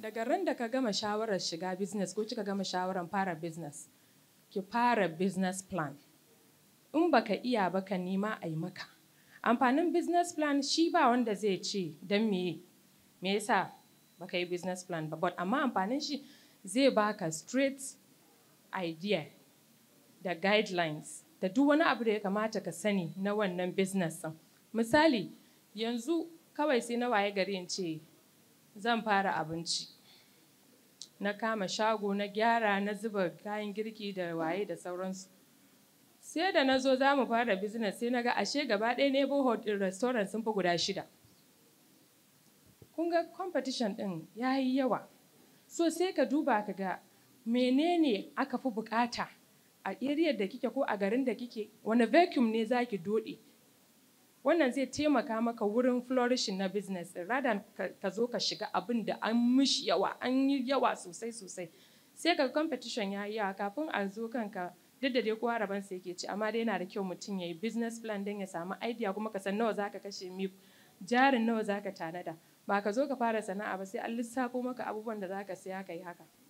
daga ran da ka gama shawarar shiga business ko kika gama shawarar fara business ki fara business plan in baka iya ba ka nema a yi maka amfanin business plan shi ba wanda zai ce don me me yasa baka yi business plan ba but amma amfanin shi zai baka straight idea da guidelines da duk wani abu da ya kamata ka sani na wannan business din misali yanzu kawai sai na waye gari in ce zan fara abinci na kama shago na gyara na zuba kayan girki da waye da sauransu sai da na zo za mu fara business sai na ga ashe gaba ɗaya neighborhood din restaurant sun fi guda shida kun ga competition ɗin ya yi yawa so sai ka duba ka ga menene aka fi bukata a area da kike ko a garin da kike wani vacuum ne za ki doɗe wannan zai taimaka maka wurin flourishing na business rather ka zo ka shiga abin da an mishi yawa an yi yawa sosai sosai sai ka competition ya yi yawa kafin a zo kanka duk da dai kowa rabon sai yake ci amma dai yana da kyau mutum ya yi business plan don ya samu idea kuma ka san nawa za ka kashe mi jarin nawa za ka tanada ba ka zo ka fara sana'a ba sai an lissafo maka abubuwan da za ka saya ka yi haka